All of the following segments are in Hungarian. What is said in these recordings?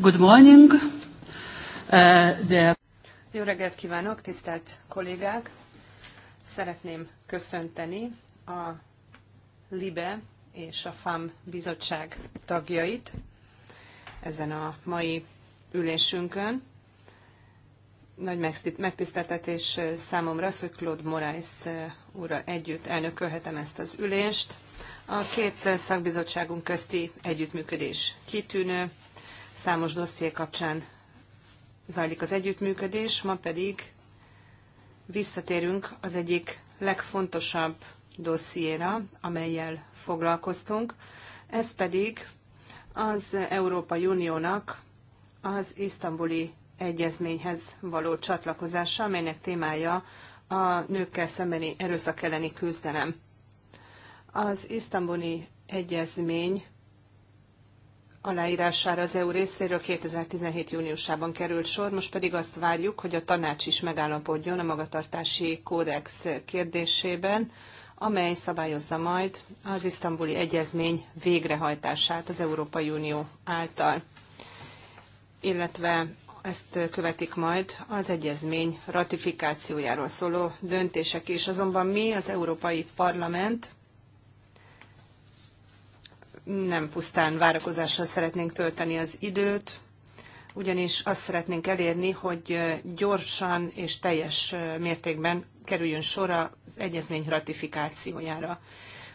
Good morning. Uh, Jó reggelt kívánok, tisztelt kollégák! Szeretném köszönteni a LIBE és a FAM bizottság tagjait ezen a mai ülésünkön. Nagy megtiszteltetés uh, számomra az, hogy Claude Morais uh, úrral együtt elnökölhetem ezt az ülést. A két uh, szakbizottságunk közti együttműködés kitűnő, Számos dosszié kapcsán zajlik az együttműködés, ma pedig visszatérünk az egyik legfontosabb dossziéra, amelyel foglalkoztunk. Ez pedig az Európai Uniónak az isztambuli egyezményhez való csatlakozása, amelynek témája a nőkkel szembeni erőszak elleni küzdelem. Az isztambuli egyezmény aláírására az EU részéről 2017. júniusában került sor, most pedig azt várjuk, hogy a tanács is megállapodjon a magatartási kódex kérdésében, amely szabályozza majd az isztambuli egyezmény végrehajtását az Európai Unió által, illetve ezt követik majd az egyezmény ratifikációjáról szóló döntések is. Azonban mi, az Európai Parlament nem pusztán várakozással szeretnénk tölteni az időt, ugyanis azt szeretnénk elérni, hogy gyorsan és teljes mértékben kerüljön sor az egyezmény ratifikációjára.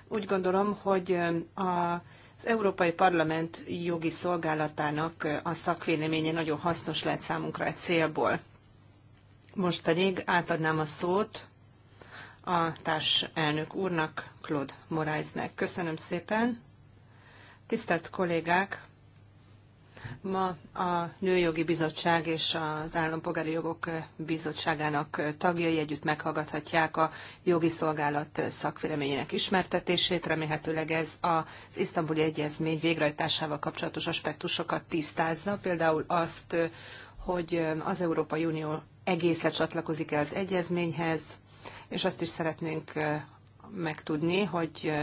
Úgy gondolom, hogy a az Európai Parlament jogi szolgálatának a szakvéleménye nagyon hasznos lehet számunkra egy célból. Most pedig átadnám a szót a társelnök úrnak, Claude Moraisnek. Köszönöm szépen. Tisztelt kollégák! Ma a Nőjogi Bizottság és az Állampolgári Jogok Bizottságának tagjai együtt meghallgathatják a jogi szolgálat szakvéleményének ismertetését. Remélhetőleg ez az isztambuli egyezmény végrehajtásával kapcsolatos aspektusokat tisztázza, például azt, hogy az Európai Unió egészen csatlakozik-e az egyezményhez, és azt is szeretnénk megtudni, hogy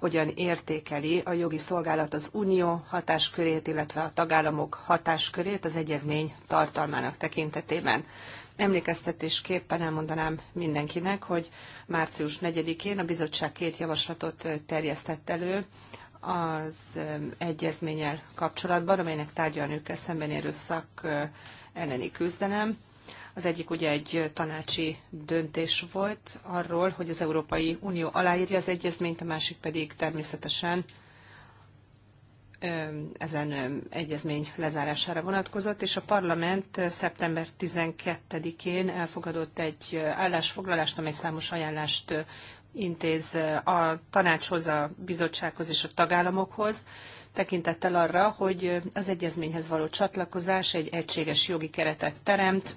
hogyan értékeli a jogi szolgálat az unió hatáskörét, illetve a tagállamok hatáskörét az egyezmény tartalmának tekintetében. Emlékeztetésképpen elmondanám mindenkinek, hogy március 4-én a bizottság két javaslatot terjesztett elő az egyezménnyel kapcsolatban, amelynek tárgya a nőkkel szemben erőszak elleni küzdelem. Az egyik ugye egy tanácsi döntés volt arról, hogy az Európai Unió aláírja az egyezményt, a másik pedig természetesen ezen egyezmény lezárására vonatkozott, és a parlament szeptember 12-én elfogadott egy állásfoglalást, amely számos ajánlást intéz a tanácshoz, a bizottsághoz és a tagállamokhoz, tekintettel arra, hogy az egyezményhez való csatlakozás egy egységes jogi keretet teremt,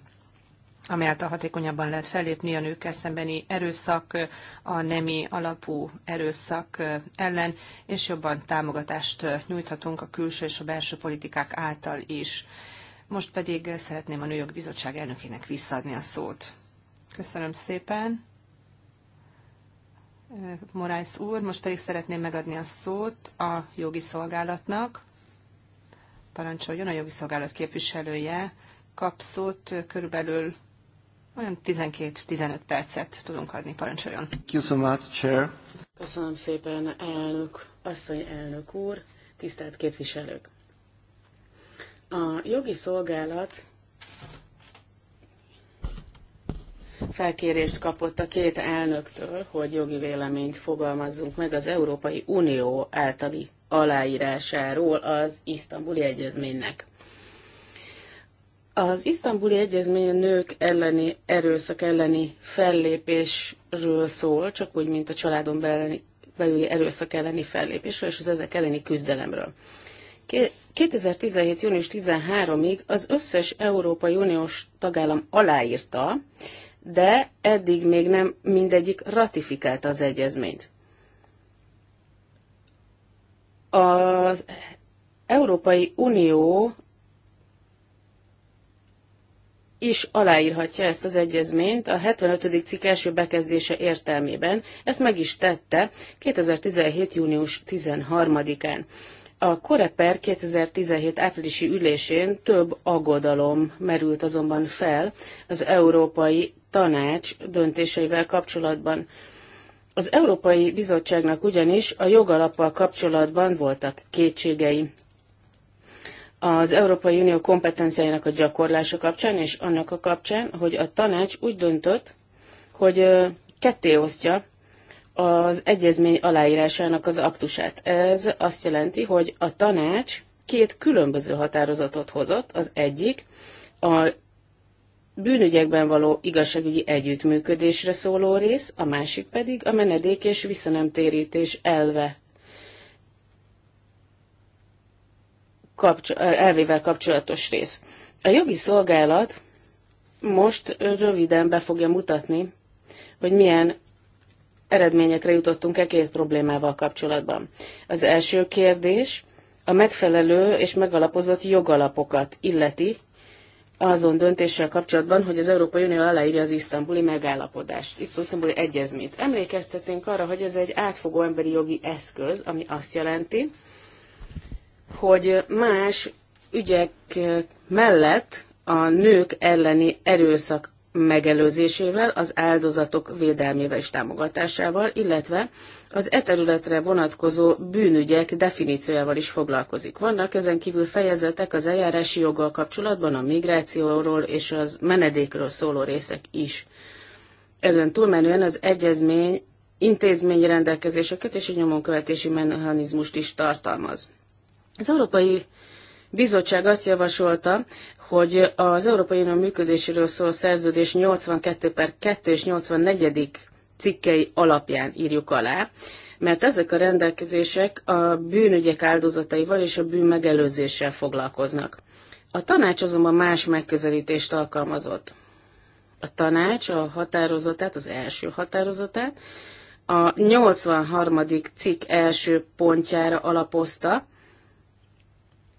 amelyáltal által hatékonyabban lehet fellépni a nőkkel szembeni erőszak, a nemi alapú erőszak ellen, és jobban támogatást nyújthatunk a külső és a belső politikák által is. Most pedig szeretném a Nőjog Bizottság elnökének visszaadni a szót. Köszönöm szépen. Morász úr, most pedig szeretném megadni a szót a jogi szolgálatnak. Parancsoljon a jogi szolgálat képviselője. Kap szót körülbelül olyan 12-15 percet tudunk adni, parancsoljon. Köszönöm szépen, elnök, asszony elnök úr, tisztelt képviselők. A jogi szolgálat felkérést kapott a két elnöktől, hogy jogi véleményt fogalmazzunk meg az Európai Unió általi aláírásáról az isztambuli egyezménynek. Az isztambuli egyezmény a nők elleni erőszak elleni fellépésről szól, csak úgy, mint a családon belüli, belüli erőszak elleni fellépésről és az ezek elleni küzdelemről. 2017. június 13-ig az összes Európai Uniós tagállam aláírta, de eddig még nem mindegyik ratifikálta az egyezményt. Az Európai Unió is aláírhatja ezt az egyezményt a 75. cikk első bekezdése értelmében. Ezt meg is tette 2017. június 13-án. A Koreper 2017 áprilisi ülésén több aggodalom merült azonban fel az Európai Tanács döntéseivel kapcsolatban. Az Európai Bizottságnak ugyanis a jogalappal kapcsolatban voltak kétségei az Európai Unió kompetenciájának a gyakorlása kapcsán, és annak a kapcsán, hogy a tanács úgy döntött, hogy ketté osztja az egyezmény aláírásának az aktusát. Ez azt jelenti, hogy a tanács két különböző határozatot hozott. Az egyik a bűnügyekben való igazságügyi együttműködésre szóló rész, a másik pedig a menedék és visszanemtérítés elve kapcs- elvével kapcsolatos rész. A jogi szolgálat most röviden be fogja mutatni, hogy milyen eredményekre jutottunk e két problémával kapcsolatban. Az első kérdés a megfelelő és megalapozott jogalapokat illeti azon döntéssel kapcsolatban, hogy az Európai Unió aláírja az isztambuli megállapodást, itt az isztambuli egyezményt. Emlékeztetünk arra, hogy ez egy átfogó emberi jogi eszköz, ami azt jelenti, hogy más ügyek mellett a nők elleni erőszak megelőzésével, az áldozatok védelmével és támogatásával, illetve az e területre vonatkozó bűnügyek definíciójával is foglalkozik. Vannak ezen kívül fejezetek az eljárási joggal kapcsolatban, a migrációról és az menedékről szóló részek is. Ezen túlmenően az egyezmény intézményi rendelkezéseket és a nyomonkövetési mechanizmust is tartalmaz. Az Európai Bizottság azt javasolta, hogy az Európai Unió működéséről szóló szerződés 82 per 2 és 84 cikkei alapján írjuk alá, mert ezek a rendelkezések a bűnügyek áldozataival és a bűn megelőzéssel foglalkoznak. A tanács azonban más megközelítést alkalmazott. A tanács a határozatát, az első határozatát, a 83. cikk első pontjára alapozta,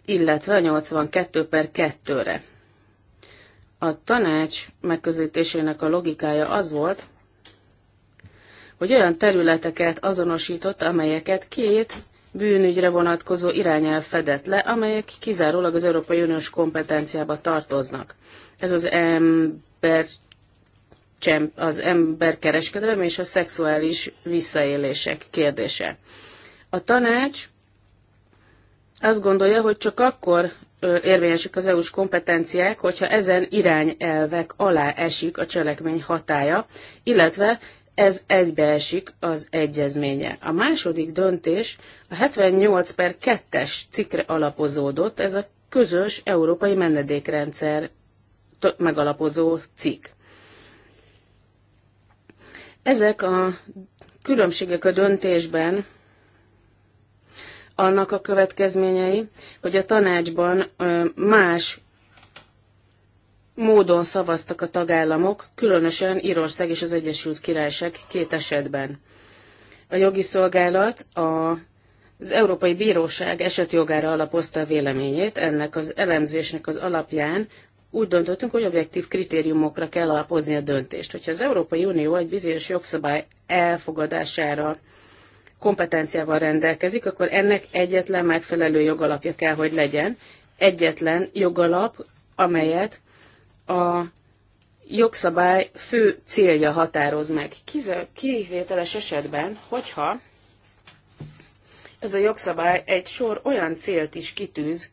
illetve 82 per 2-re. A tanács megközelítésének a logikája az volt, hogy olyan területeket azonosított, amelyeket két bűnügyre vonatkozó irányelv fedett le, amelyek kizárólag az Európai Uniós kompetenciába tartoznak. Ez az ember az emberkereskedelem és a szexuális visszaélések kérdése. A tanács azt gondolja, hogy csak akkor érvényesek az EU-s kompetenciák, hogyha ezen irányelvek alá esik a cselekmény hatája, illetve ez egybeesik az egyezménye. A második döntés a 78 per 2-es cikre alapozódott, ez a közös európai menedékrendszer megalapozó cikk. Ezek a különbségek a döntésben annak a következményei, hogy a tanácsban más módon szavaztak a tagállamok, különösen Írország és az Egyesült Királyság két esetben. A jogi szolgálat a az Európai Bíróság esetjogára alapozta a véleményét, ennek az elemzésnek az alapján úgy döntöttünk, hogy objektív kritériumokra kell alapozni a döntést. Hogyha az Európai Unió egy bizonyos jogszabály elfogadására kompetenciával rendelkezik, akkor ennek egyetlen megfelelő jogalapja kell, hogy legyen. Egyetlen jogalap, amelyet a jogszabály fő célja határoz meg. Kivételes esetben, hogyha ez a jogszabály egy sor olyan célt is kitűz,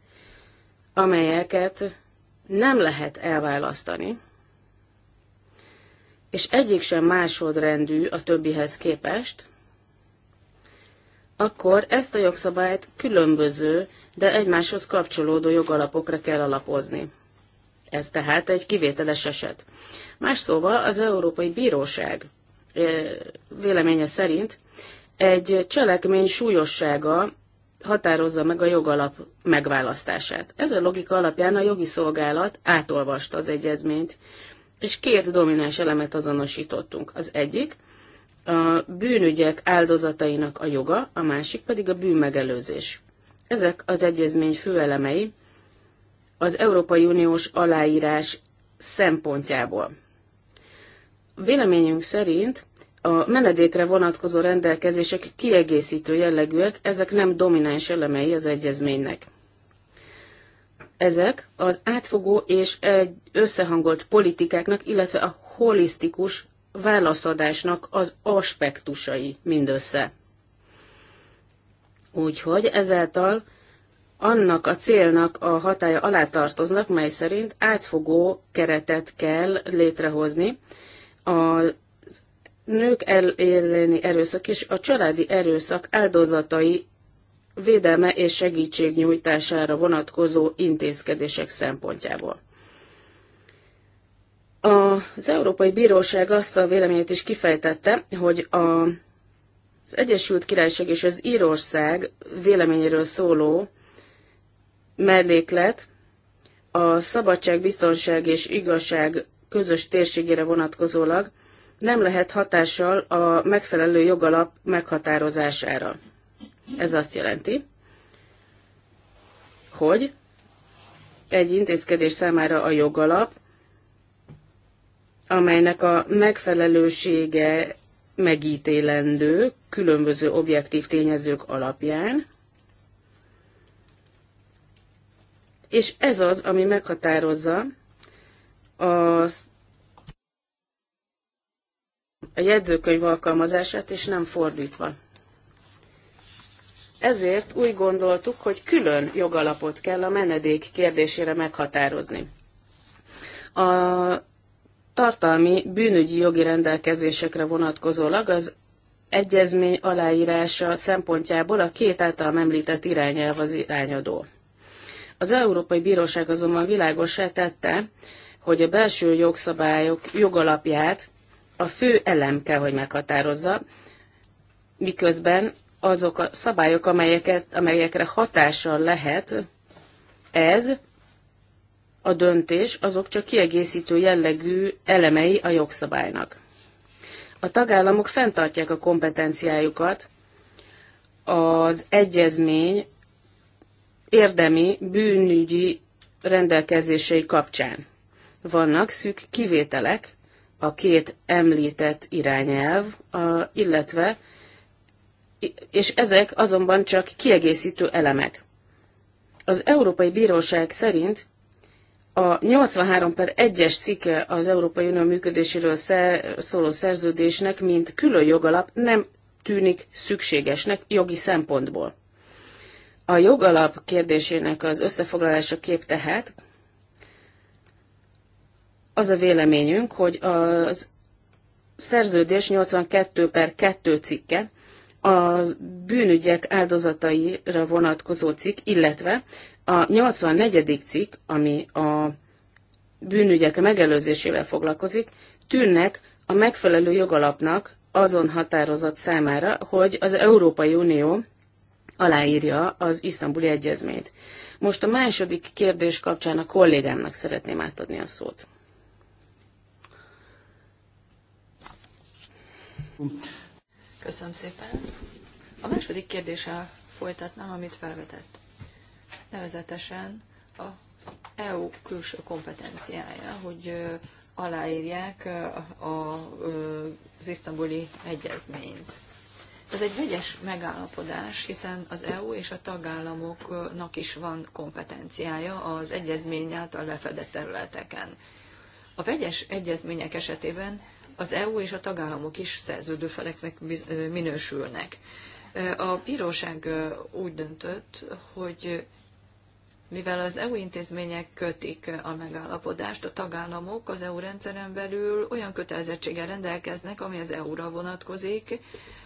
amelyeket nem lehet elválasztani, és egyik sem másodrendű a többihez képest, akkor ezt a jogszabályt különböző, de egymáshoz kapcsolódó jogalapokra kell alapozni. Ez tehát egy kivételes eset. Más szóval az Európai Bíróság véleménye szerint egy cselekmény súlyossága határozza meg a jogalap megválasztását. Ez a logika alapján a jogi szolgálat átolvasta az egyezményt, és két domináns elemet azonosítottunk. Az egyik, a bűnügyek áldozatainak a joga, a másik pedig a bűnmegelőzés. Ezek az egyezmény főelemei az Európai Uniós aláírás szempontjából. Véleményünk szerint a menedékre vonatkozó rendelkezések kiegészítő jellegűek, ezek nem domináns elemei az egyezménynek. Ezek az átfogó és egy összehangolt politikáknak, illetve a holisztikus válaszadásnak az aspektusai mindössze. Úgyhogy ezáltal annak a célnak a hatája alá tartoznak, mely szerint átfogó keretet kell létrehozni a nők elleni erőszak és a családi erőszak áldozatai védelme és segítségnyújtására vonatkozó intézkedések szempontjából. Az Európai Bíróság azt a véleményét is kifejtette, hogy a, az Egyesült Királyság és az Írország véleményéről szóló melléklet a szabadság, biztonság és igazság közös térségére vonatkozólag nem lehet hatással a megfelelő jogalap meghatározására. Ez azt jelenti, hogy egy intézkedés számára a jogalap amelynek a megfelelősége megítélendő különböző objektív tényezők alapján, és ez az, ami meghatározza az a jegyzőkönyv alkalmazását, és nem fordítva. Ezért úgy gondoltuk, hogy külön jogalapot kell a menedék kérdésére meghatározni. A tartalmi bűnügyi jogi rendelkezésekre vonatkozólag az egyezmény aláírása szempontjából a két által említett irányelv az irányadó. Az Európai Bíróság azonban világosá tette, hogy a belső jogszabályok jogalapját a fő elem kell, hogy meghatározza, miközben azok a szabályok, amelyeket, amelyekre hatással lehet, ez a döntés, azok csak kiegészítő jellegű elemei a jogszabálynak. A tagállamok fenntartják a kompetenciájukat az egyezmény érdemi bűnügyi rendelkezései kapcsán. Vannak szűk kivételek a két említett irányelv, illetve és ezek azonban csak kiegészítő elemek. Az Európai Bíróság szerint a 83 per 1-es cikke az Európai Unió működéséről szóló szerződésnek, mint külön jogalap nem tűnik szükségesnek jogi szempontból. A jogalap kérdésének az összefoglalása kép tehát az a véleményünk, hogy a szerződés 82 per 2 cikke a bűnügyek áldozataira vonatkozó cikk, illetve a 84. cikk, ami a bűnügyek megelőzésével foglalkozik, tűnnek a megfelelő jogalapnak azon határozat számára, hogy az Európai Unió aláírja az isztambuli egyezményt. Most a második kérdés kapcsán a kollégámnak szeretném átadni a szót. Köszönöm szépen. A második kérdéssel folytatnám, amit felvetett nevezetesen a EU külső kompetenciája, hogy aláírják az isztambuli egyezményt. Ez egy vegyes megállapodás, hiszen az EU és a tagállamoknak is van kompetenciája az egyezmény által lefedett területeken. A vegyes egyezmények esetében az EU és a tagállamok is szerződő feleknek minősülnek. A bíróság úgy döntött, hogy mivel az EU intézmények kötik a megállapodást, a tagállamok az EU rendszeren belül olyan kötelezettséggel rendelkeznek, ami az EU-ra vonatkozik,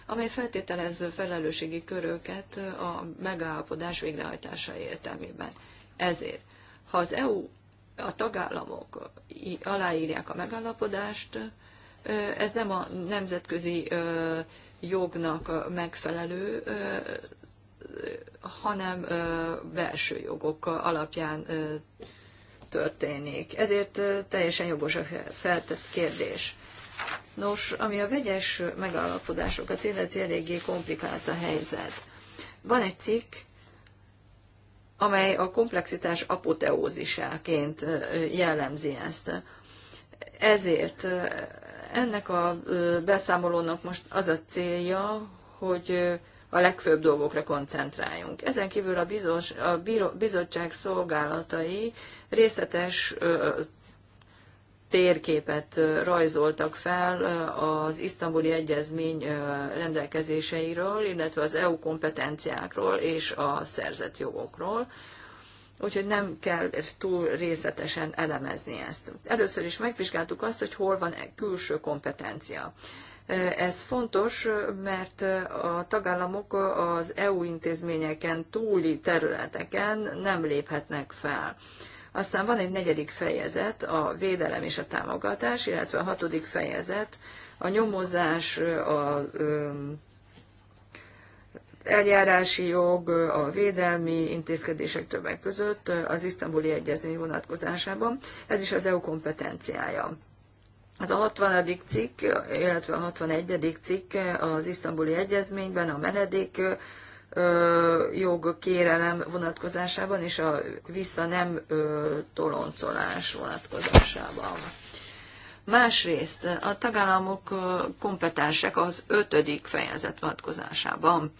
amely feltételez felelősségi köröket a megállapodás végrehajtása értelmében. Ezért, ha az EU, a tagállamok aláírják a megállapodást, ez nem a nemzetközi jognak megfelelő hanem belső jogok alapján történik. Ezért teljesen jogos a feltett kérdés. Nos, ami a vegyes megállapodásokat illeti, eléggé komplikált a helyzet. Van egy cikk, amely a komplexitás apoteózisáként jellemzi ezt. Ezért ennek a beszámolónak most az a célja, hogy a legfőbb dolgokra koncentráljunk. Ezen kívül a, bizos, a bíró, bizottság szolgálatai részletes ö, térképet rajzoltak fel az isztambuli egyezmény rendelkezéseiről, illetve az EU kompetenciákról és a szerzett jogokról. Úgyhogy nem kell túl részletesen elemezni ezt. Először is megvizsgáltuk azt, hogy hol van külső kompetencia. Ez fontos, mert a tagállamok az EU intézményeken túli területeken nem léphetnek fel. Aztán van egy negyedik fejezet, a védelem és a támogatás, illetve a hatodik fejezet, a nyomozás, a eljárási jog, a védelmi intézkedések többek között az isztambuli egyezmény vonatkozásában. Ez is az EU kompetenciája. Az a 60. cikk, illetve a 61. cikk az isztambuli egyezményben a menedék jog kérelem vonatkozásában és a vissza nem toloncolás vonatkozásában. Másrészt a tagállamok kompetensek az ötödik fejezet vonatkozásában.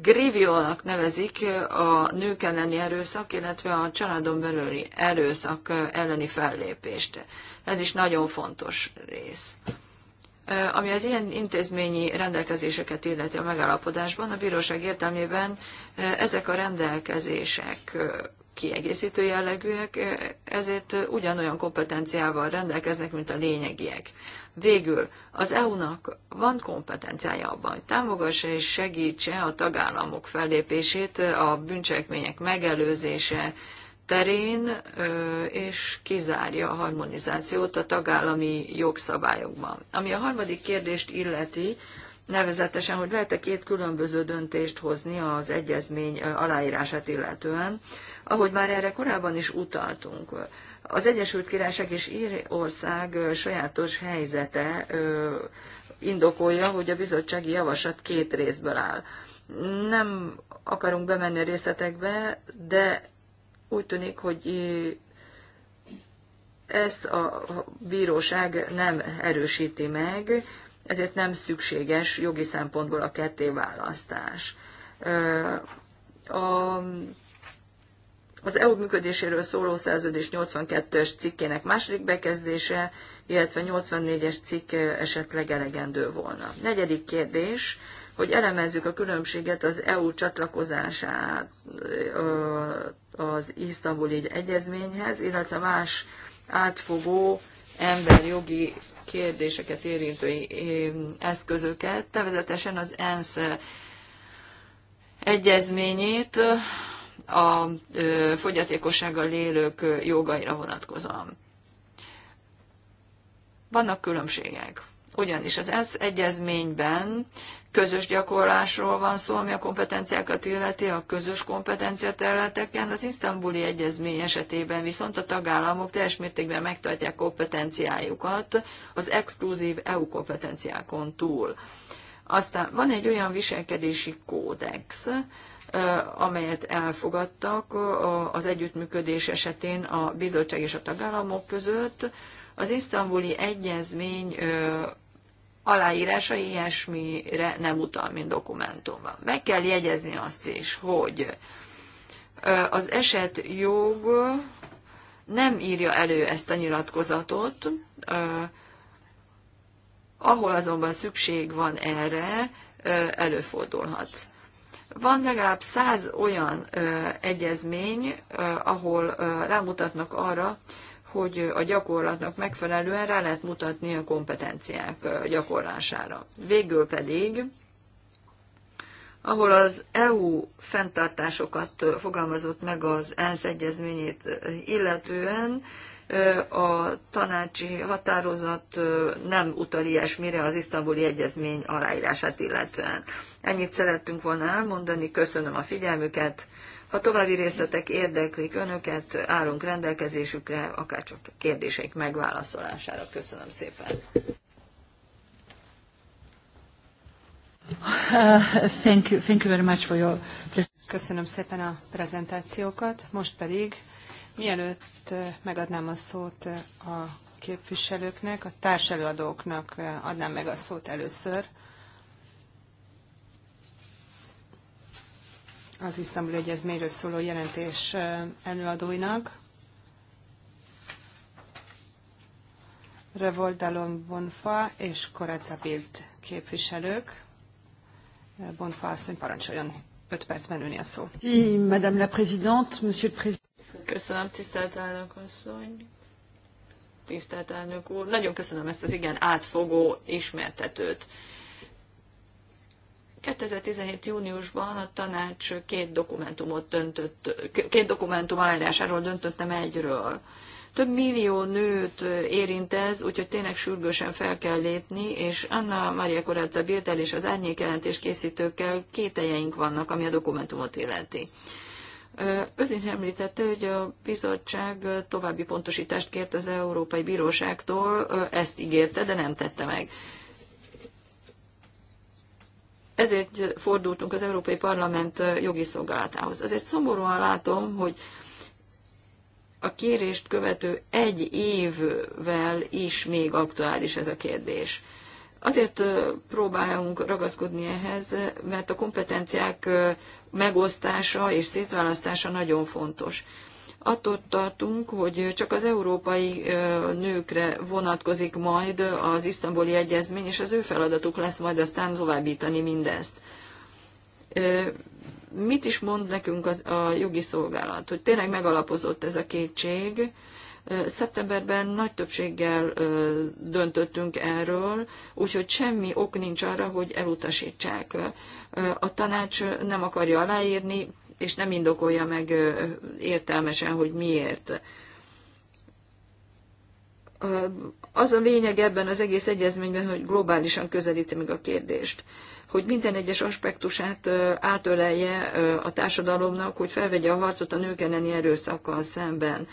Grivionak nevezik a nők elleni erőszak, illetve a családon belüli erőszak elleni fellépést. Ez is nagyon fontos rész. Ami az ilyen intézményi rendelkezéseket illeti a megállapodásban, a bíróság értelmében ezek a rendelkezések kiegészítő jellegűek, ezért ugyanolyan kompetenciával rendelkeznek, mint a lényegiek. Végül az EU-nak van kompetenciája abban, hogy támogassa és segítse a tagállamok fellépését a bűncselekmények megelőzése terén, és kizárja a harmonizációt a tagállami jogszabályokban. Ami a harmadik kérdést illeti, nevezetesen, hogy lehet-e két különböző döntést hozni az egyezmény aláírását illetően, ahogy már erre korábban is utaltunk. Az Egyesült Királyság és Írország sajátos helyzete indokolja, hogy a bizottsági javaslat két részből áll. Nem akarunk bemenni a részletekbe, de úgy tűnik, hogy ezt a bíróság nem erősíti meg, ezért nem szükséges jogi szempontból a kettéválasztás. A az EU működéséről szóló szerződés 82-es cikkének második bekezdése, illetve 84-es cikk esetleg elegendő volna. Negyedik kérdés, hogy elemezzük a különbséget az EU csatlakozását az isztambuli egyezményhez, illetve más átfogó emberjogi kérdéseket érintő eszközöket, tevezetesen az ENSZ egyezményét, a fogyatékossággal élők jogaira vonatkozóan. Vannak különbségek. Ugyanis az ESZ egyezményben közös gyakorlásról van szó, ami a kompetenciákat illeti, a közös kompetencia területeken. Az isztambuli egyezmény esetében viszont a tagállamok teljes mértékben megtartják kompetenciájukat az exkluzív EU kompetenciákon túl. Aztán van egy olyan viselkedési kódex, Eh, amelyet elfogadtak eh, az együttműködés esetén a bizottság és a tagállamok között. Az isztambuli egyezmény eh, aláírása ilyesmire nem utal, mint dokumentumban. Meg kell jegyezni azt is, hogy az eset jog nem írja elő ezt a nyilatkozatot, ahol azonban szükség van erre, előfordulhat. Van legalább száz olyan ö, egyezmény, ö, ahol ö, rámutatnak arra, hogy a gyakorlatnak megfelelően rá lehet mutatni a kompetenciák gyakorlására. Végül pedig, ahol az EU fenntartásokat fogalmazott meg az ENSZ egyezményét illetően, a tanácsi határozat nem utal ilyesmire az isztambuli egyezmény aláírását illetően. Ennyit szerettünk volna elmondani, köszönöm a figyelmüket. Ha további részletek érdeklik önöket, állunk rendelkezésükre, akár csak kérdéseik megválaszolására. Köszönöm szépen. Uh, thank you, thank you very much for your... Köszönöm szépen a prezentációkat, most pedig Mielőtt megadnám a szót a képviselőknek, a társelőadóknak adnám meg a szót először. Az Isztambul Egyezményről szóló jelentés előadóinak. Revoldalon Bonfa és Koracabilt képviselők. Bonfa asszony parancsoljon 5 percben ülni a szó. Madame la Présidente, Monsieur le Président. Köszönöm, tisztelt elnök asszony. Tisztelt elnök úr. Nagyon köszönöm ezt az igen átfogó ismertetőt. 2017. júniusban a tanács két dokumentumot döntött, két dokumentum aláírásáról döntött, nem egyről. Több millió nőt érint ez, úgyhogy tényleg sürgősen fel kell lépni, és Anna Maria Koráca Birtel és az árnyékjelentés készítőkkel kételjeink vannak, ami a dokumentumot illeti. Ön is említette, hogy a bizottság további pontosítást kért az Európai Bíróságtól, ezt ígérte, de nem tette meg. Ezért fordultunk az Európai Parlament jogi szolgálatához. Azért szomorúan látom, hogy a kérést követő egy évvel is még aktuális ez a kérdés. Azért próbálunk ragaszkodni ehhez, mert a kompetenciák megosztása és szétválasztása nagyon fontos. Attól tartunk, hogy csak az európai nőkre vonatkozik majd az isztambuli egyezmény, és az ő feladatuk lesz majd aztán továbbítani mindezt. Mit is mond nekünk az, a jogi szolgálat? Hogy tényleg megalapozott ez a kétség, Szeptemberben nagy többséggel döntöttünk erről, úgyhogy semmi ok nincs arra, hogy elutasítsák. A tanács nem akarja aláírni, és nem indokolja meg értelmesen, hogy miért. Az a lényeg ebben az egész egyezményben, hogy globálisan közelíti meg a kérdést hogy minden egyes aspektusát átölelje a társadalomnak, hogy felvegye a harcot a nők elleni erőszakkal szemben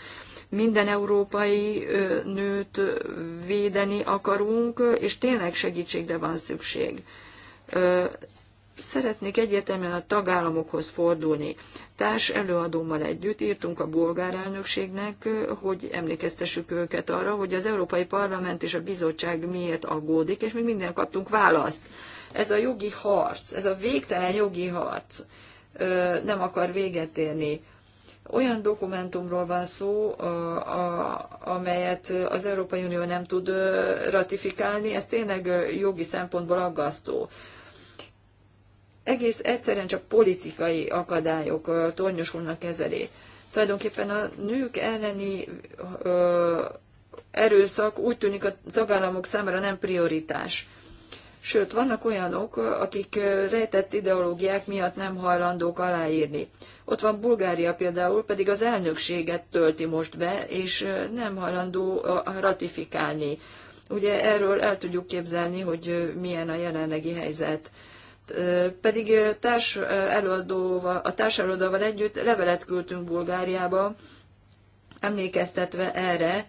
minden európai nőt védeni akarunk, és tényleg segítségre van szükség. Szeretnék egyértelműen a tagállamokhoz fordulni. Társ előadómmal együtt írtunk a bolgár elnökségnek, hogy emlékeztessük őket arra, hogy az Európai Parlament és a bizottság miért aggódik, és mi minden kaptunk választ. Ez a jogi harc, ez a végtelen jogi harc nem akar véget érni olyan dokumentumról van szó, a, a, amelyet az Európai Unió nem tud ratifikálni, ez tényleg jogi szempontból aggasztó. Egész egyszerűen csak politikai akadályok tornyosulnak ezelé. Tulajdonképpen a nők elleni ö, erőszak úgy tűnik a tagállamok számára nem prioritás sőt vannak olyanok, akik rejtett ideológiák miatt nem hajlandók aláírni. Ott van Bulgária például, pedig az elnökséget tölti most be, és nem hajlandó ratifikálni. Ugye erről el tudjuk képzelni, hogy milyen a jelenlegi helyzet. Pedig társ a társ együtt levelet küldtünk Bulgáriába, emlékeztetve erre,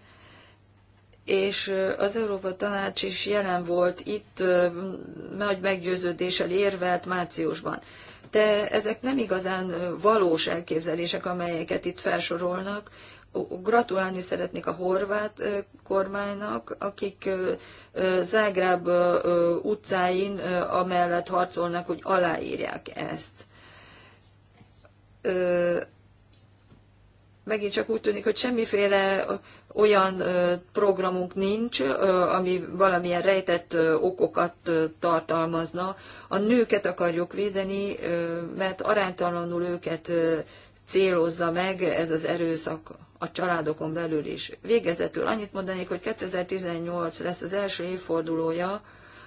és az Európa Tanács is jelen volt itt, nagy meggyőződéssel érvelt márciusban. De ezek nem igazán valós elképzelések, amelyeket itt felsorolnak. Gratulálni szeretnék a horvát kormánynak, akik Zágráb utcáin amellett harcolnak, hogy aláírják ezt megint csak úgy tűnik, hogy semmiféle olyan programunk nincs, ami valamilyen rejtett okokat tartalmazna. A nőket akarjuk védeni, mert aránytalanul őket célozza meg ez az erőszak a családokon belül is. Végezetül annyit mondanék, hogy 2018 lesz az első évfordulója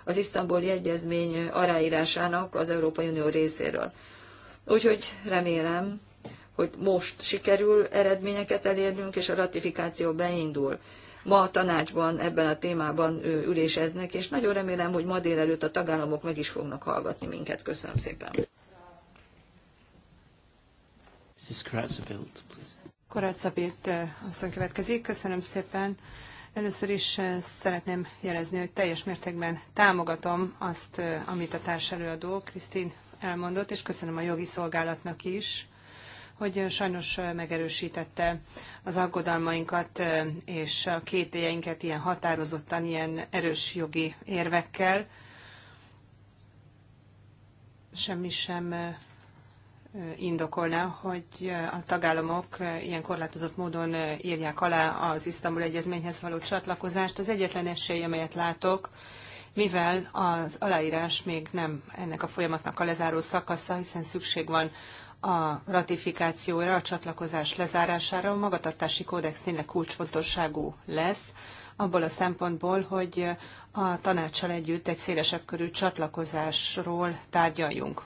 az isztambuli egyezmény aláírásának az Európai Unió részéről. Úgyhogy remélem, hogy most sikerül eredményeket elérnünk, és a ratifikáció beindul. Ma a tanácsban ebben a témában üléseznek, és nagyon remélem, hogy ma délelőtt a tagállamok meg is fognak hallgatni minket. Köszönöm szépen. Korácsabilt asszony következik. Köszönöm szépen. Először is szeretném jelezni, hogy teljes mértékben támogatom azt, amit a társelőadó Krisztin elmondott, és köszönöm a jogi szolgálatnak is hogy sajnos megerősítette az aggodalmainkat és a kétélyeinket ilyen határozottan, ilyen erős jogi érvekkel. Semmi sem indokolná, hogy a tagállamok ilyen korlátozott módon írják alá az Isztambul Egyezményhez való csatlakozást. Az egyetlen esély, amelyet látok, mivel az aláírás még nem ennek a folyamatnak a lezáró szakasza, hiszen szükség van a ratifikációra, a csatlakozás lezárására a magatartási kódex tényleg kulcsfontosságú lesz, abból a szempontból, hogy a tanácssal együtt egy szélesebb körű csatlakozásról tárgyaljunk.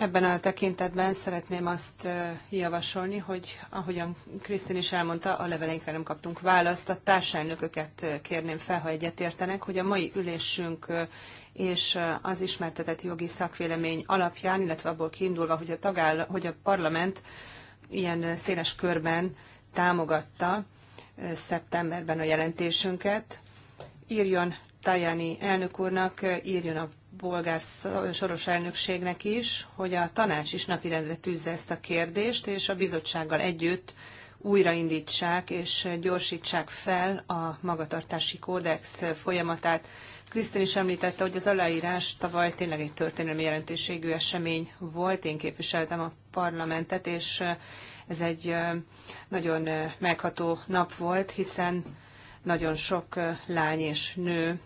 Ebben a tekintetben szeretném azt javasolni, hogy ahogyan Krisztin is elmondta, a leveleinkre nem kaptunk választ. A társelnököket kérném fel, ha egyetértenek, hogy a mai ülésünk és az ismertetett jogi szakvélemény alapján, illetve abból kiindulva, hogy a, tagáll- hogy a parlament ilyen széles körben támogatta szeptemberben a jelentésünket, írjon Tajani elnök úrnak, írjon a bolgár soros elnökségnek is, hogy a tanács is napirendre tűzze ezt a kérdést, és a bizottsággal együtt újraindítsák és gyorsítsák fel a magatartási kódex folyamatát. Krisztin is említette, hogy az aláírás tavaly tényleg egy történelmi jelentőségű esemény volt. Én képviseltem a parlamentet, és ez egy nagyon megható nap volt, hiszen nagyon sok lány és nő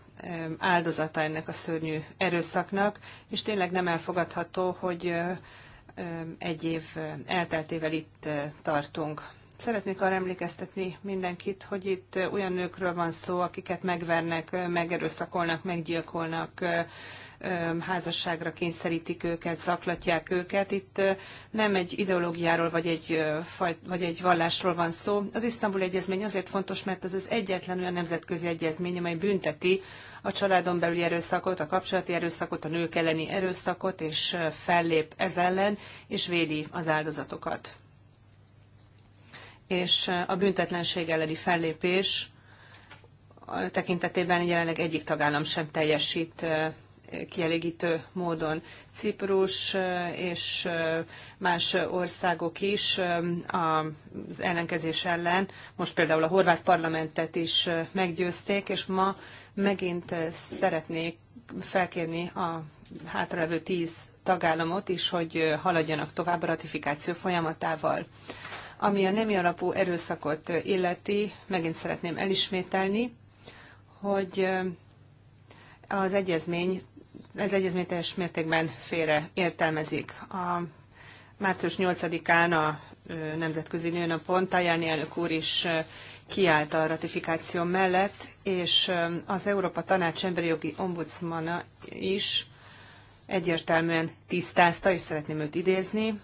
áldozata ennek a szörnyű erőszaknak, és tényleg nem elfogadható, hogy egy év elteltével itt tartunk. Szeretnék arra emlékeztetni mindenkit, hogy itt olyan nőkről van szó, akiket megvernek, megerőszakolnak, meggyilkolnak, házasságra kényszerítik őket, zaklatják őket. Itt nem egy ideológiáról vagy egy, vagy egy vallásról van szó. Az Isztambul Egyezmény azért fontos, mert ez az egyetlen olyan nemzetközi egyezmény, amely bünteti a családon belüli erőszakot, a kapcsolati erőszakot, a nők elleni erőszakot, és fellép ez ellen, és védi az áldozatokat és a büntetlenség elleni fellépés tekintetében jelenleg egyik tagállam sem teljesít kielégítő módon. Ciprus és más országok is az ellenkezés ellen, most például a horvát parlamentet is meggyőzték, és ma megint szeretnék felkérni a hátralevő tíz tagállamot is, hogy haladjanak tovább a ratifikáció folyamatával. Ami a nemi alapú erőszakot illeti, megint szeretném elismételni, hogy az egyezmény, ez egyezmény teljes mértékben félre értelmezik. A március 8-án a Nemzetközi Nőnapon Tajani elnök úr is kiállt a ratifikáció mellett, és az Európa Tanács emberi jogi ombudsmana is egyértelműen tisztázta, és szeretném őt idézni,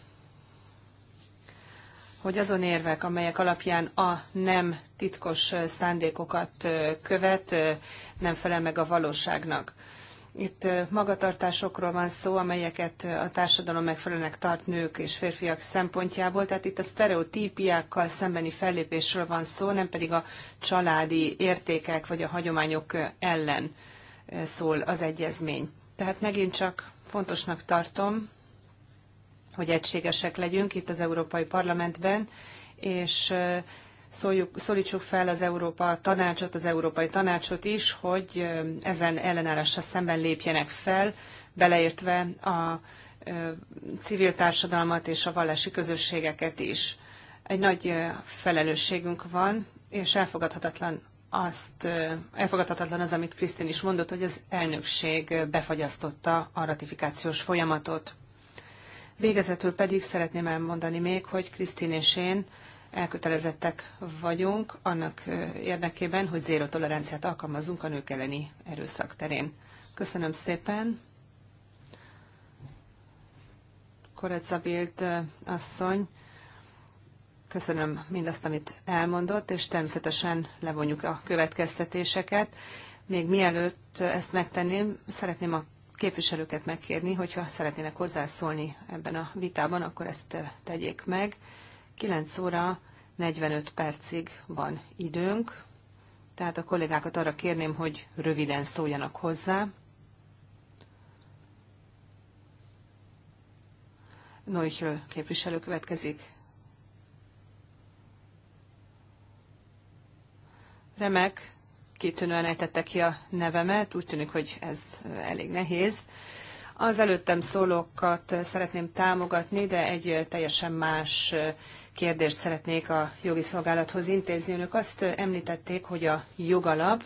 hogy azon érvek, amelyek alapján a nem titkos szándékokat követ, nem felel meg a valóságnak. Itt magatartásokról van szó, amelyeket a társadalom megfelelőnek tart nők és férfiak szempontjából, tehát itt a sztereotípiákkal szembeni fellépésről van szó, nem pedig a családi értékek vagy a hagyományok ellen szól az egyezmény. Tehát megint csak fontosnak tartom, hogy egységesek legyünk itt az Európai Parlamentben, és szóljuk, szólítsuk fel az Európa Tanácsot, az Európai Tanácsot is, hogy ezen ellenállásra szemben lépjenek fel, beleértve a civil társadalmat és a vallási közösségeket is. Egy nagy felelősségünk van, és elfogadhatatlan azt elfogadhatatlan az, amit Krisztin is mondott, hogy az elnökség befagyasztotta a ratifikációs folyamatot. Végezetül pedig szeretném elmondani még, hogy Krisztin és én elkötelezettek vagyunk annak érdekében, hogy zéró toleranciát alkalmazunk a nők elleni erőszak terén. Köszönöm szépen. Bild asszony, köszönöm mindazt, amit elmondott, és természetesen levonjuk a következtetéseket. Még mielőtt ezt megtenném, szeretném a képviselőket megkérni, hogyha szeretnének hozzászólni ebben a vitában, akkor ezt eh, tegyék meg. 9 óra 45 percig van időnk, tehát a kollégákat arra kérném, hogy röviden szóljanak hozzá. Noichről képviselő következik. Remek, kitűnően ejtette ki a nevemet, úgy tűnik, hogy ez elég nehéz. Az előttem szólókat szeretném támogatni, de egy teljesen más kérdést szeretnék a jogi szolgálathoz intézni. Önök azt említették, hogy a jogalap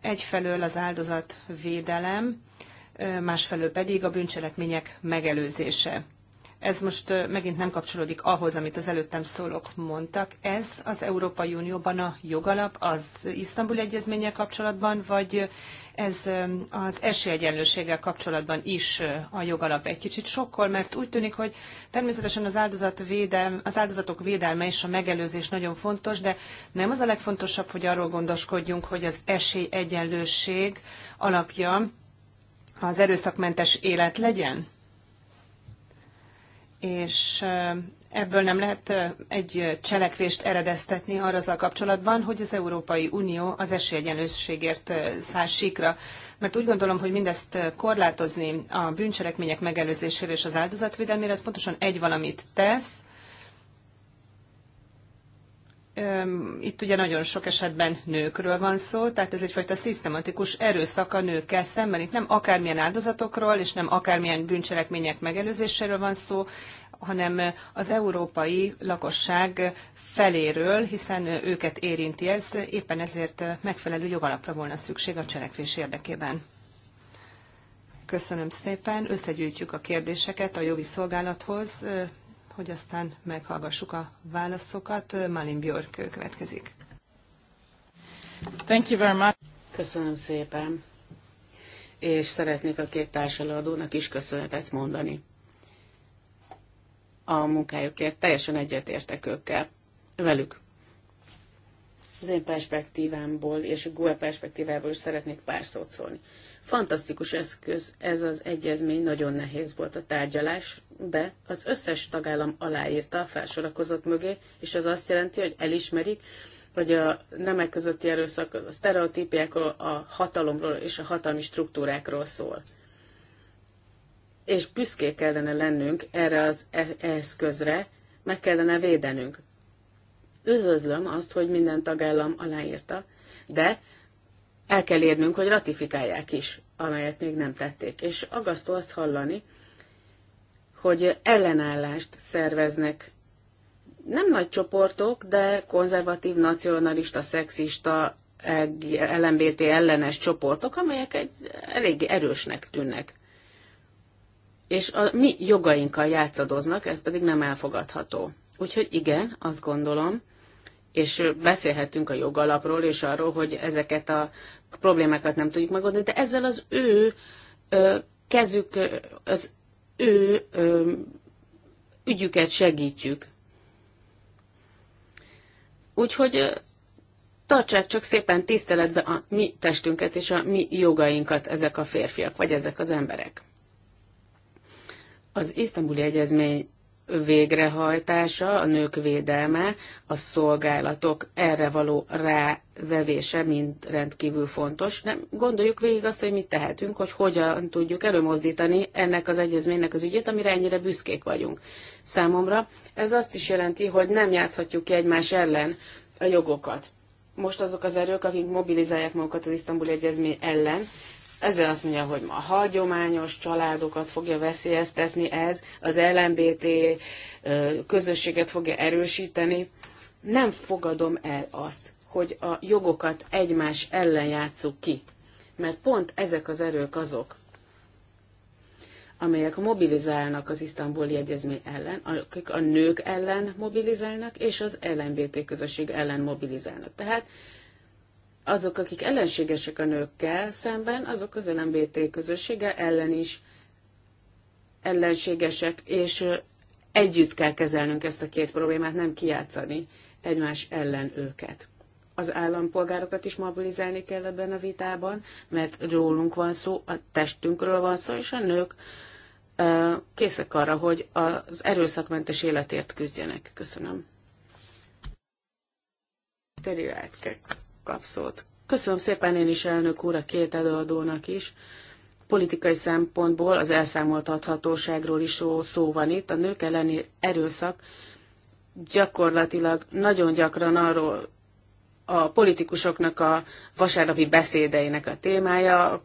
egyfelől az áldozat védelem, másfelől pedig a bűncselekmények megelőzése ez most megint nem kapcsolódik ahhoz, amit az előttem szólók mondtak. Ez az Európai Unióban a jogalap az Isztambul egyezménnyel kapcsolatban, vagy ez az esélyegyenlőséggel kapcsolatban is a jogalap egy kicsit sokkol, mert úgy tűnik, hogy természetesen az, áldozat védelm, az áldozatok védelme és a megelőzés nagyon fontos, de nem az a legfontosabb, hogy arról gondoskodjunk, hogy az esélyegyenlőség alapja az erőszakmentes élet legyen? és ebből nem lehet egy cselekvést eredeztetni arra a kapcsolatban, hogy az Európai Unió az esélyegyenlőségért száll síkra. Mert úgy gondolom, hogy mindezt korlátozni a bűncselekmények megelőzésére és az áldozatvédelmére, ez pontosan egy valamit tesz, itt ugye nagyon sok esetben nőkről van szó, tehát ez egyfajta szisztematikus erőszak a nőkkel szemben. Itt nem akármilyen áldozatokról, és nem akármilyen bűncselekmények megelőzéséről van szó, hanem az európai lakosság feléről, hiszen őket érinti ez, éppen ezért megfelelő jogalapra volna szükség a cselekvés érdekében. Köszönöm szépen, összegyűjtjük a kérdéseket a jogi szolgálathoz, hogy aztán meghallgassuk a válaszokat. Malin Björk következik. Thank you very much. Köszönöm szépen. És szeretnék a két társadalmadónak is köszönetet mondani. A munkájukért teljesen egyetértek őkkel, velük. Az én perspektívámból és a GUE perspektívából is szeretnék pár szót szólni. Fantasztikus eszköz ez az egyezmény, nagyon nehéz volt a tárgyalás, de az összes tagállam aláírta a felsorakozott mögé, és az azt jelenti, hogy elismerik, hogy a nemek közötti erőszak a sztereotípiákról, a hatalomról és a hatalmi struktúrákról szól. És büszké kellene lennünk erre az e- eszközre, meg kellene védenünk. Üdvözlöm azt, hogy minden tagállam aláírta, de el kell érnünk, hogy ratifikálják is, amelyet még nem tették. És agasztó azt hallani, hogy ellenállást szerveznek nem nagy csoportok, de konzervatív, nacionalista, szexista, LMBT ellenes csoportok, amelyek egy elég erősnek tűnnek. És a mi jogainkkal játszadoznak, ez pedig nem elfogadható. Úgyhogy igen, azt gondolom, és beszélhetünk a jogalapról és arról, hogy ezeket a problémákat nem tudjuk megoldani, de ezzel az ő kezük, az ő ügyüket segítjük. Úgyhogy tartsák csak szépen tiszteletbe a mi testünket és a mi jogainkat ezek a férfiak, vagy ezek az emberek. Az isztambuli egyezmény végrehajtása, a nők védelme, a szolgálatok erre való rávevése mind rendkívül fontos. Nem gondoljuk végig azt, hogy mit tehetünk, hogy hogyan tudjuk előmozdítani ennek az egyezménynek az ügyét, amire ennyire büszkék vagyunk. Számomra ez azt is jelenti, hogy nem játszhatjuk ki egymás ellen a jogokat. Most azok az erők, akik mobilizálják magukat az isztambuli egyezmény ellen, ezzel azt mondja, hogy a hagyományos családokat fogja veszélyeztetni ez, az LMBT közösséget fogja erősíteni. Nem fogadom el azt, hogy a jogokat egymás ellen játsszuk ki. Mert pont ezek az erők azok, amelyek mobilizálnak az isztambuli egyezmény ellen, akik a nők ellen mobilizálnak, és az LMBT közösség ellen mobilizálnak. Tehát azok, akik ellenségesek a nőkkel szemben, azok az LMBT közössége ellen is ellenségesek, és együtt kell kezelnünk ezt a két problémát, nem kiátszani egymás ellen őket. Az állampolgárokat is mobilizálni kell ebben a vitában, mert rólunk van szó, a testünkről van szó, és a nők készek arra, hogy az erőszakmentes életért küzdjenek. Köszönöm. Terület kapszót. Köszönöm szépen én is, elnök úr, a két előadónak is. Politikai szempontból az elszámoltathatóságról is szó, szó van itt. A nők elleni erőszak gyakorlatilag nagyon gyakran arról a politikusoknak a vasárnapi beszédeinek a témája,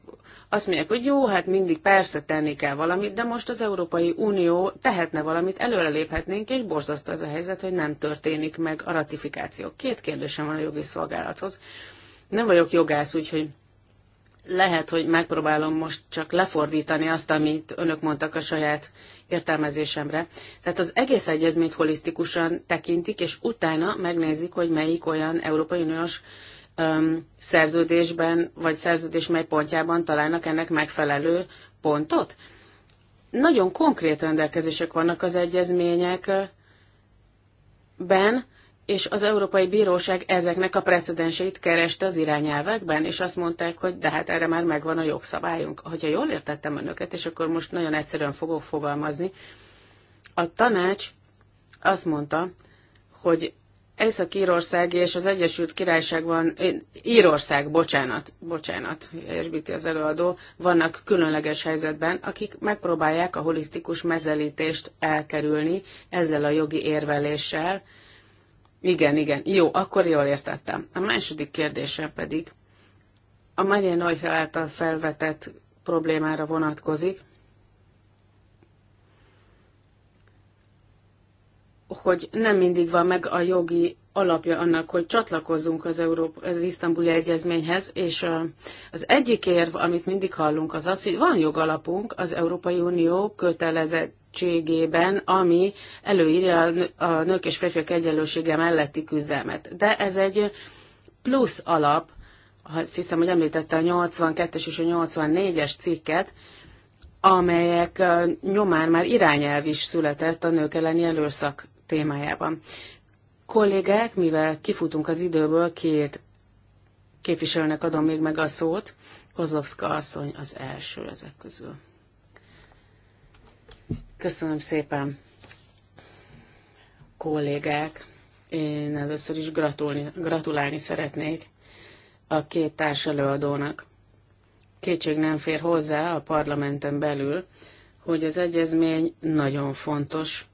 azt mondják, hogy jó, hát mindig persze tenni kell valamit, de most az Európai Unió tehetne valamit, előreléphetnénk, és borzasztó ez a helyzet, hogy nem történik meg a ratifikáció. Két kérdésem van a jogi szolgálathoz. Nem vagyok jogász, úgyhogy lehet, hogy megpróbálom most csak lefordítani azt, amit önök mondtak a saját értelmezésemre. Tehát az egész egyezményt holisztikusan tekintik, és utána megnézik, hogy melyik olyan Európai Uniós öm, szerződésben, vagy szerződés mely pontjában találnak ennek megfelelő pontot. Nagyon konkrét rendelkezések vannak az egyezményekben, és az Európai Bíróság ezeknek a precedenseit kereste az irányelvekben, és azt mondták, hogy de hát erre már megvan a jogszabályunk. Hogyha jól értettem önöket, és akkor most nagyon egyszerűen fogok fogalmazni, a tanács azt mondta, hogy Észak-Írország és az Egyesült Királyságban, Írország, bocsánat, bocsánat, Erzsbiti az előadó, vannak különleges helyzetben, akik megpróbálják a holisztikus mezelítést elkerülni ezzel a jogi érveléssel. Igen, igen, jó, akkor jól értettem. A második kérdésem pedig a Marian Neufel által felvetett problémára vonatkozik. hogy nem mindig van meg a jogi alapja annak, hogy csatlakozzunk az, Európa, az isztambuli egyezményhez, és az egyik érv, amit mindig hallunk, az az, hogy van jogalapunk az Európai Unió kötelezettségében, ami előírja a nők és férfiak egyenlősége melletti küzdelmet. De ez egy plusz alap, azt hiszem, hogy említette a 82-es és a 84-es cikket, amelyek nyomán már irányelv is született a nők elleni előszak témájában. Kollégák, mivel kifutunk az időből, két képviselőnek adom még meg a szót. Kozlovska asszony az első ezek közül. Köszönöm szépen, kollégák. Én először is gratulni, gratulálni szeretnék a két társelőadónak. Kétség nem fér hozzá a parlamenten belül, hogy az egyezmény nagyon fontos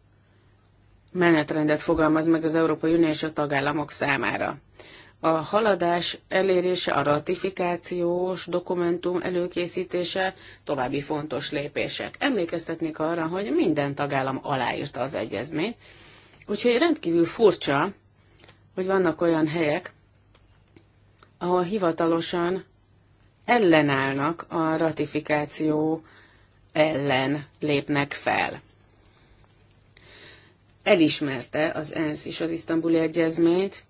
menetrendet fogalmaz meg az Európai Unió és a tagállamok számára. A haladás elérése, a ratifikációs dokumentum előkészítése további fontos lépések. Emlékeztetnék arra, hogy minden tagállam aláírta az egyezményt, úgyhogy rendkívül furcsa, hogy vannak olyan helyek, ahol hivatalosan ellenállnak a ratifikáció ellen lépnek fel elismerte az ENSZ is az isztambuli egyezményt,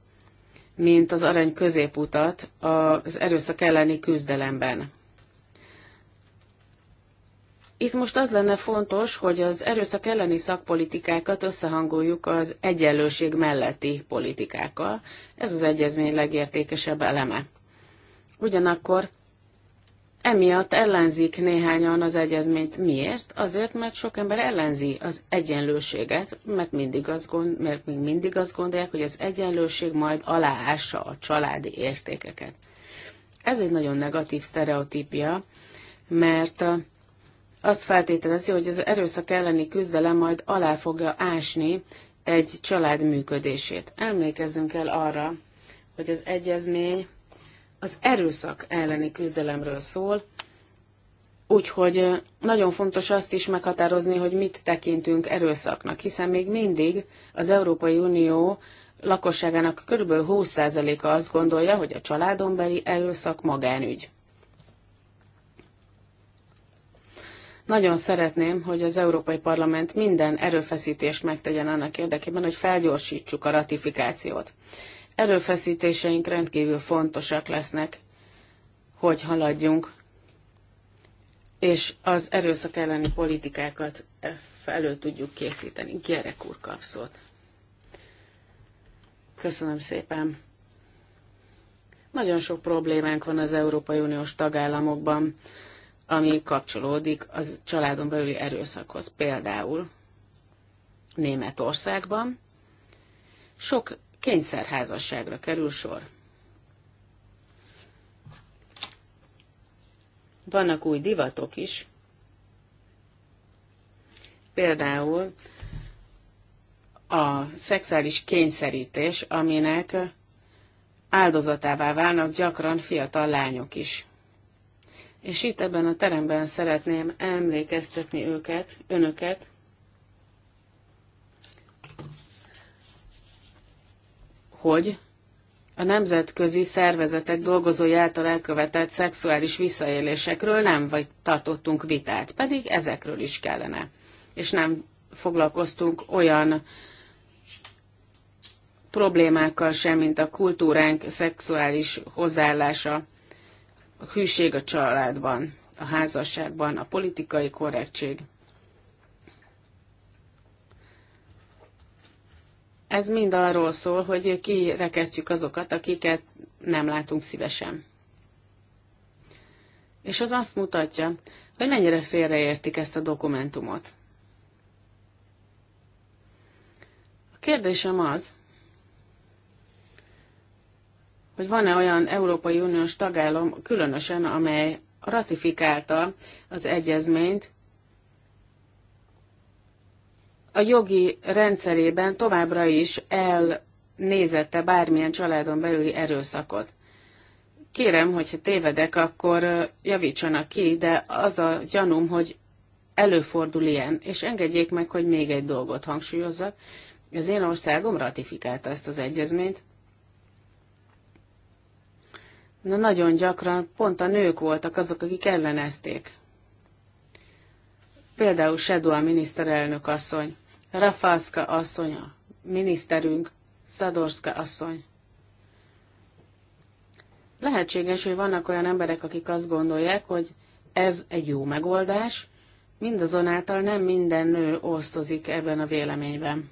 mint az arany középutat az erőszak elleni küzdelemben. Itt most az lenne fontos, hogy az erőszak elleni szakpolitikákat összehangoljuk az egyenlőség melletti politikákkal. Ez az egyezmény legértékesebb eleme. Ugyanakkor Emiatt ellenzik néhányan az egyezményt. Miért? Azért, mert sok ember ellenzi az egyenlőséget, mert, mindig azt gond, mert még mindig azt gondolják, hogy az egyenlőség majd aláássa a családi értékeket. Ez egy nagyon negatív sztereotípia, mert azt feltételezi, hogy az erőszak elleni küzdelem majd alá fogja ásni egy család működését. Emlékezzünk el arra, hogy az egyezmény az erőszak elleni küzdelemről szól, úgyhogy nagyon fontos azt is meghatározni, hogy mit tekintünk erőszaknak, hiszen még mindig az Európai Unió lakosságának kb. 20%-a azt gondolja, hogy a családon beli erőszak magánügy. Nagyon szeretném, hogy az Európai Parlament minden erőfeszítést megtegyen annak érdekében, hogy felgyorsítsuk a ratifikációt erőfeszítéseink rendkívül fontosak lesznek, hogy haladjunk, és az erőszak elleni politikákat elő tudjuk készíteni. Gyerek úr kapszót. Köszönöm szépen. Nagyon sok problémánk van az Európai Uniós tagállamokban, ami kapcsolódik a családon belüli erőszakhoz. Például Németországban sok kényszerházasságra kerül sor. Vannak új divatok is, például a szexuális kényszerítés, aminek áldozatává válnak gyakran fiatal lányok is. És itt ebben a teremben szeretném emlékeztetni őket, önöket, hogy a nemzetközi szervezetek dolgozói által elkövetett szexuális visszaélésekről nem vagy tartottunk vitát, pedig ezekről is kellene. És nem foglalkoztunk olyan problémákkal sem, mint a kultúránk szexuális hozzáállása, a hűség a családban, a házasságban, a politikai korrektség. Ez mind arról szól, hogy kirekesztjük azokat, akiket nem látunk szívesen. És az azt mutatja, hogy mennyire félreértik ezt a dokumentumot. A kérdésem az, hogy van-e olyan Európai Uniós tagállam, különösen, amely ratifikálta az egyezményt, a jogi rendszerében továbbra is elnézette bármilyen családon belüli erőszakot. Kérem, hogyha tévedek, akkor javítsanak ki, de az a gyanúm, hogy előfordul ilyen, és engedjék meg, hogy még egy dolgot hangsúlyozzak. Az én országom ratifikálta ezt az egyezményt, Na nagyon gyakran pont a nők voltak azok, akik ellenezték. Például Sedua miniszterelnök asszony. Rafalska asszonya, miniszterünk, Szadorska asszony. Lehetséges, hogy vannak olyan emberek, akik azt gondolják, hogy ez egy jó megoldás, mindazonáltal nem minden nő osztozik ebben a véleményben.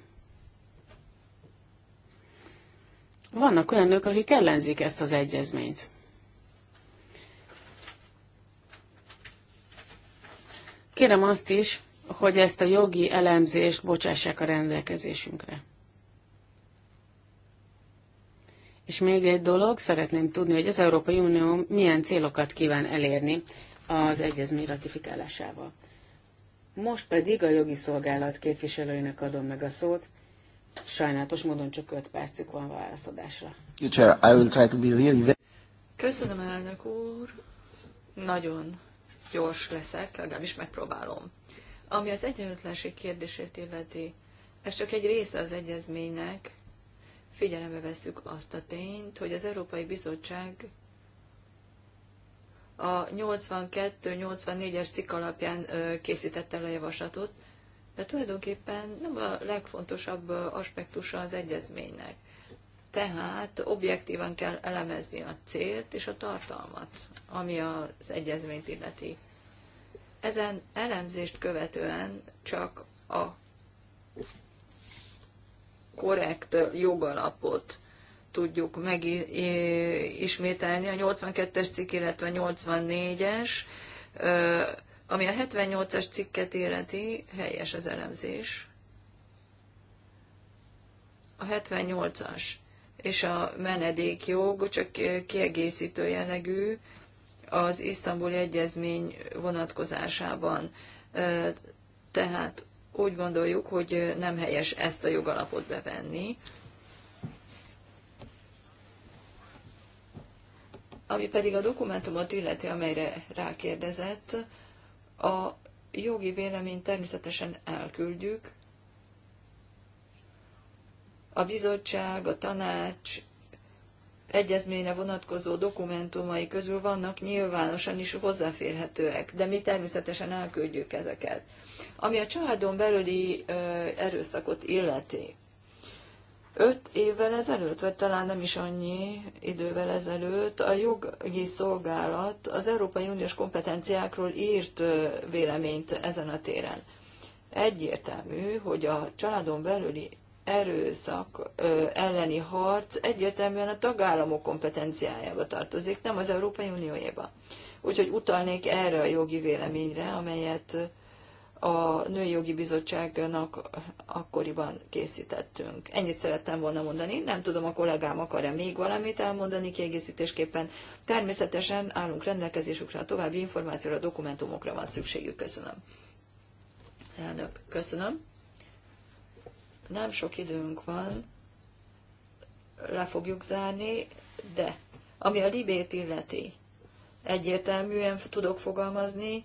Vannak olyan nők, akik ellenzik ezt az egyezményt. Kérem azt is, hogy ezt a jogi elemzést bocsássák a rendelkezésünkre. És még egy dolog, szeretném tudni, hogy az Európai Unió milyen célokat kíván elérni az egyezmény ratifikálásával. Most pedig a jogi szolgálat képviselőinek adom meg a szót. Sajnálatos módon csak 5 percük van válaszadásra. Köszönöm, elnök úr. Nagyon gyors leszek, legalábbis megpróbálom. Ami az egyenlőtlenség kérdését illeti, ez csak egy része az egyezménynek. Figyelembe veszük azt a tényt, hogy az Európai Bizottság a 82-84-es cikk alapján készítette le a javaslatot, de tulajdonképpen nem a legfontosabb aspektusa az egyezménynek. Tehát objektívan kell elemezni a célt és a tartalmat, ami az egyezményt illeti. Ezen elemzést követően csak a korrekt jogalapot tudjuk megismételni, a 82-es cikk, illetve 84-es, ami a 78-as cikket illeti, helyes az elemzés. A 78-as és a menedékjog csak kiegészítő jellegű, az isztambuli egyezmény vonatkozásában. Tehát úgy gondoljuk, hogy nem helyes ezt a jogalapot bevenni. Ami pedig a dokumentumot illeti, amelyre rákérdezett, a jogi véleményt természetesen elküldjük. A bizottság, a tanács egyezményre vonatkozó dokumentumai közül vannak nyilvánosan is hozzáférhetőek, de mi természetesen elküldjük ezeket. Ami a családon belüli erőszakot illeti. Öt évvel ezelőtt, vagy talán nem is annyi idővel ezelőtt a jogi szolgálat az Európai Uniós kompetenciákról írt véleményt ezen a téren. Egyértelmű, hogy a családon belüli erőszak ö, elleni harc egyértelműen a tagállamok kompetenciájába tartozik, nem az Európai Unióéba. Úgyhogy utalnék erre a jogi véleményre, amelyet a Női Jogi Bizottságnak akkoriban készítettünk. Ennyit szerettem volna mondani, nem tudom, a kollégám akar-e még valamit elmondani kiegészítésképpen. Természetesen állunk rendelkezésükre, a további információra, dokumentumokra van szükségük. Köszönöm. Elnök, köszönöm nem sok időnk van, le fogjuk zárni, de ami a libét illeti, egyértelműen tudok fogalmazni,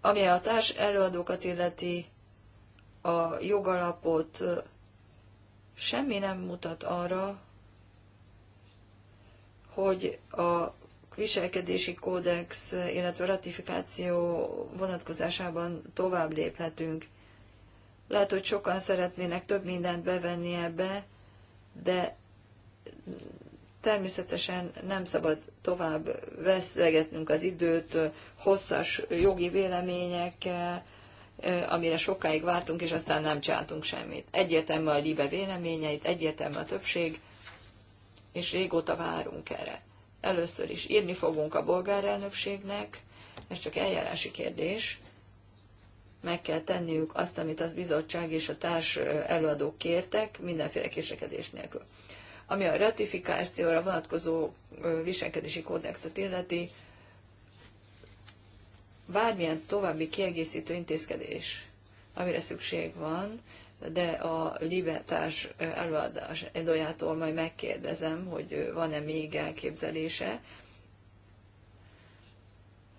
ami a társ előadókat illeti, a jogalapot, semmi nem mutat arra, hogy a viselkedési kódex, illetve ratifikáció vonatkozásában tovább léphetünk. Lehet, hogy sokan szeretnének több mindent bevenni ebbe, de természetesen nem szabad tovább veszegetnünk az időt hosszas jogi véleményekkel, amire sokáig vártunk, és aztán nem csináltunk semmit. Egyértelmű a libe véleményeit, egyértelmű a többség, és régóta várunk erre. Először is írni fogunk a bolgár elnökségnek, ez csak eljárási kérdés, meg kell tenniük azt, amit az bizottság és a társ előadók kértek, mindenféle késekedés nélkül. Ami a ratifikációra vonatkozó viselkedési kódexet illeti, bármilyen további kiegészítő intézkedés, amire szükség van, de a libertás előadás Edojától majd megkérdezem, hogy van-e még elképzelése.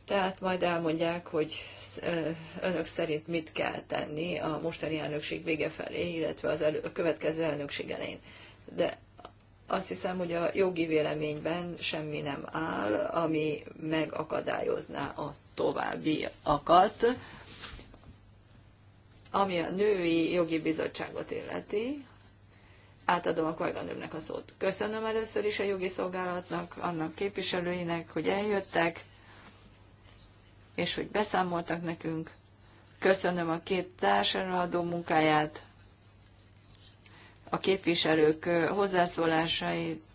Tehát majd elmondják, hogy önök szerint mit kell tenni a mostani elnökség vége felé, illetve az elő, a következő elnökség elején. De azt hiszem, hogy a jogi véleményben semmi nem áll, ami megakadályozná a továbbiakat. Ami a női jogi bizottságot illeti, átadom a kolléganőmnek a szót. Köszönöm először is a jogi szolgálatnak, annak képviselőinek, hogy eljöttek, és hogy beszámoltak nekünk. Köszönöm a két társadalmi munkáját, a képviselők hozzászólásait,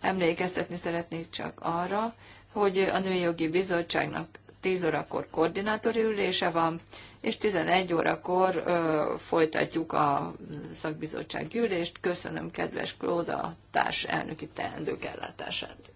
Emlékeztetni szeretnék csak arra, hogy a Női Jogi Bizottságnak 10 órakor koordinátori ülése van, és 11 órakor ö, folytatjuk a szakbizottság gyűlést. Köszönöm kedves Klóda társ elnöki teendők ellátását.